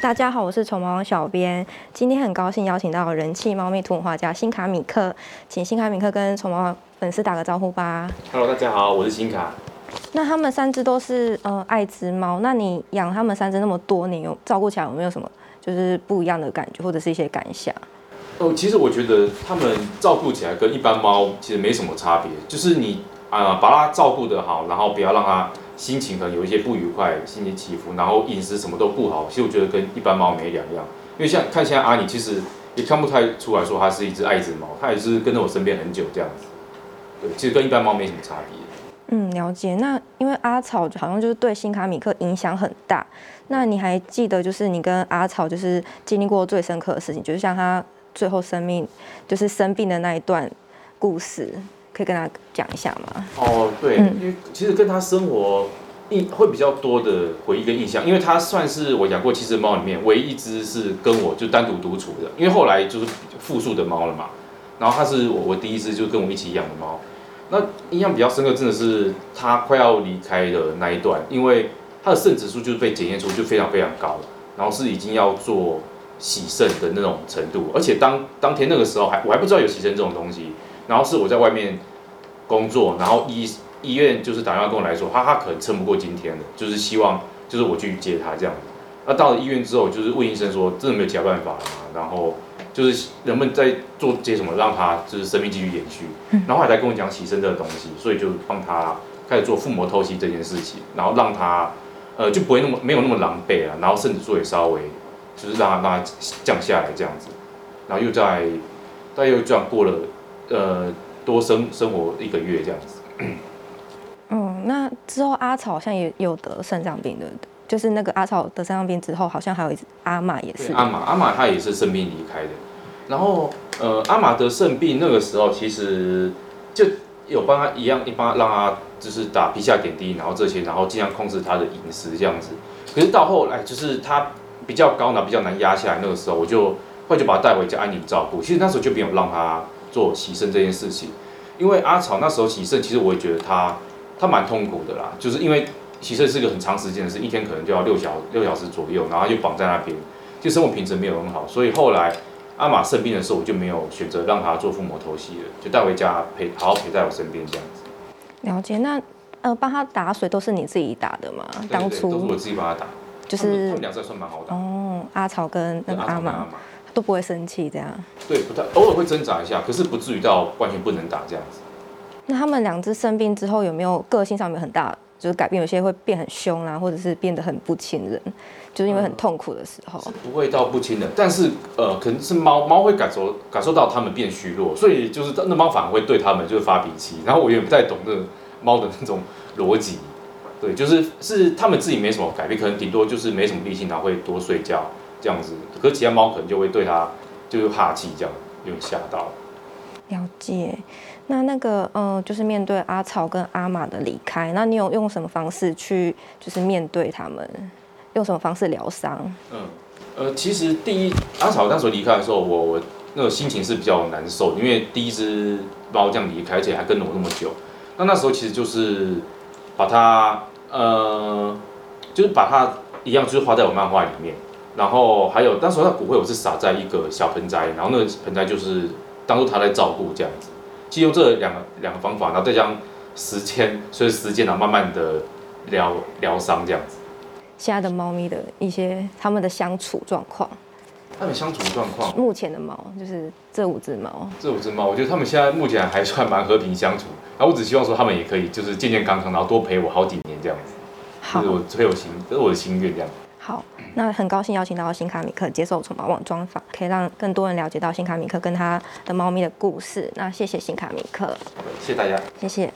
大家好，我是寵毛小編。今天很高興邀請到人氣貓咪圖文畫家辛卡米克，請辛卡米克跟寵毛粉絲打個招呼吧。Hello，大家好，我是辛卡。那他們三隻都是呃愛滋貓，那你養他們三隻那麼多年，你有照顧起來有沒有什麼就是不一樣的感覺，或者是一些感想？哦，其實我覺得他們照顧起來跟一般貓其實沒什麼差別，就是你啊、呃、把它照顧得好，然後不要讓它。心情可能有一些不愉快，心情起伏，然後飲食什麼都不好，其實我覺得跟一般貓沒兩樣。因為像看現在阿尼，其實也看不太出來說它是一只愛一只貓，它也是跟着我身邊很久這樣子。對，其實跟一般貓沒什麼差別。嗯，了解。那因為阿草好像就是對辛卡米克影響很大。那你還記得就是你跟阿草就是經歷過最深刻的事情，就是像它最後生命就是生病的那一段故事。可以跟他講一下嗎？哦，oh，對，因為其實跟他生活印會比較多的回憶跟印象，因為他算是我養過七隻貓裡面唯一一隻是跟我就單獨獨處的，因為後來就是複數的貓了嘛。然後它是我我第一隻就跟我一起養的貓，那印象比較深刻，真的是他快要離開的那一段，因為他的腎指數就是被檢驗出就非常非常高，然後是已經要做洗腎的那種程度，而且當當天那個時候還我還不知道有洗腎這種東西。然後是我在外面工作，然後醫醫院就是打電話跟我來說，他他可能撐不過今天的，就是希望就是我去接他這樣子。那到了醫院之後，就是問醫生說真的沒有其他辦法了，然後就是能不能再做些什麼讓他就是生命繼續延續。然後還在跟我講洗腎這個東西，所以就幫他開始做腹膜透析這件事情，然後讓他呃就不會那麼沒有那麼狼狽了，然後甚至說也稍微就是讓他讓他降下來這樣子。然後又在，但又這樣過了。呃，多生生活一個月這樣子。 嗯，那之後阿草好像也有得腎臟病，對不對？就是那個阿草得腎臟病之後，好像還有一阿媽也是。阿瑪，阿媽他也是腎病離開的。然後呃，阿媽得腎病那個時候，其實就有幫他一樣，一幫讓他就是打皮下點滴，然後這些，然後盡量控制他的飲食這樣子。可是到後來就是他比較高呢，比較難壓下來。那個時候我就，快就把他帶回家，安寧照顧。其實那時候就沒有讓他。做洗腎這件事情，因為阿草那時候洗腎其實我也覺得他他蠻痛苦的啦，就是因為洗腎是一個很長時間的事，一天可能就要六小六小時左右，然後他就綁在那邊，就生活品質沒有很好。所以後來阿瑪生病的時候，我就沒有選擇讓他做腹膜透析了，就帶回家陪，好好陪在我身邊這樣子。了解。那呃，幫他打水都是你自己打的嗎？當初都是我自己幫他打，就是他們兩三算蠻好打的哦，阿草跟那個阿瑪。都不會生氣，這樣對不太偶爾會掙扎一下，可是不至於到完全不能打這樣子。那他們兩隻生病之後有沒有個性上面很大就是改變？有些會變很兇啦、啊，或者是變得很不親人，就是因為很痛苦的時候、嗯、是不會到不親人，但是呃可能是貓貓會感受感受到它們變虛弱，所以就是那貓反而會對它們就是發脾氣。然後我也不太懂那貓的那種邏輯，對，就是是它們自己沒什麼改變，可能頂多就是沒什麼力氣，然後會多睡覺。這樣子，可是其他貓可能就會對它就是哈氣這樣有點嚇到了。了解，那那個呃，就是面對阿草跟阿瑪的離開，那你有用什麼方式去就是面對他們？用什麼方式療傷？嗯，呃，其實第一阿草那時候離開的時候，我我那個心情是比較難受，因為第一隻貓這樣離開，而且還跟了我那麼久。那那時候其實就是把它呃，就是把它一樣，就是畫在我漫畫裡面。然後還有，當時那骨灰我是撒在一個小盆栽，然後那個盆栽就是當初它在照顧這樣子。藉由這兩個兩個方法，然後再將時間，隨著時、時間呢，然後慢慢的療療傷這樣子。現在的貓咪的一些他們的相處狀況，他們相處狀況，目前的貓就是這五只貓。這五只貓，我覺得他們現在目前還算蠻和平相處。然後我只希望說他們也可以就是健健康康，然後多陪我好幾年這樣子。好，是我最有心，這、就是我的心願這樣。好，那很高興邀請到辛卡米克接受寵毛網專訪，可以讓更多人了解到辛卡米克跟他的貓咪的故事。那謝謝辛卡米克，謝謝大家，謝謝。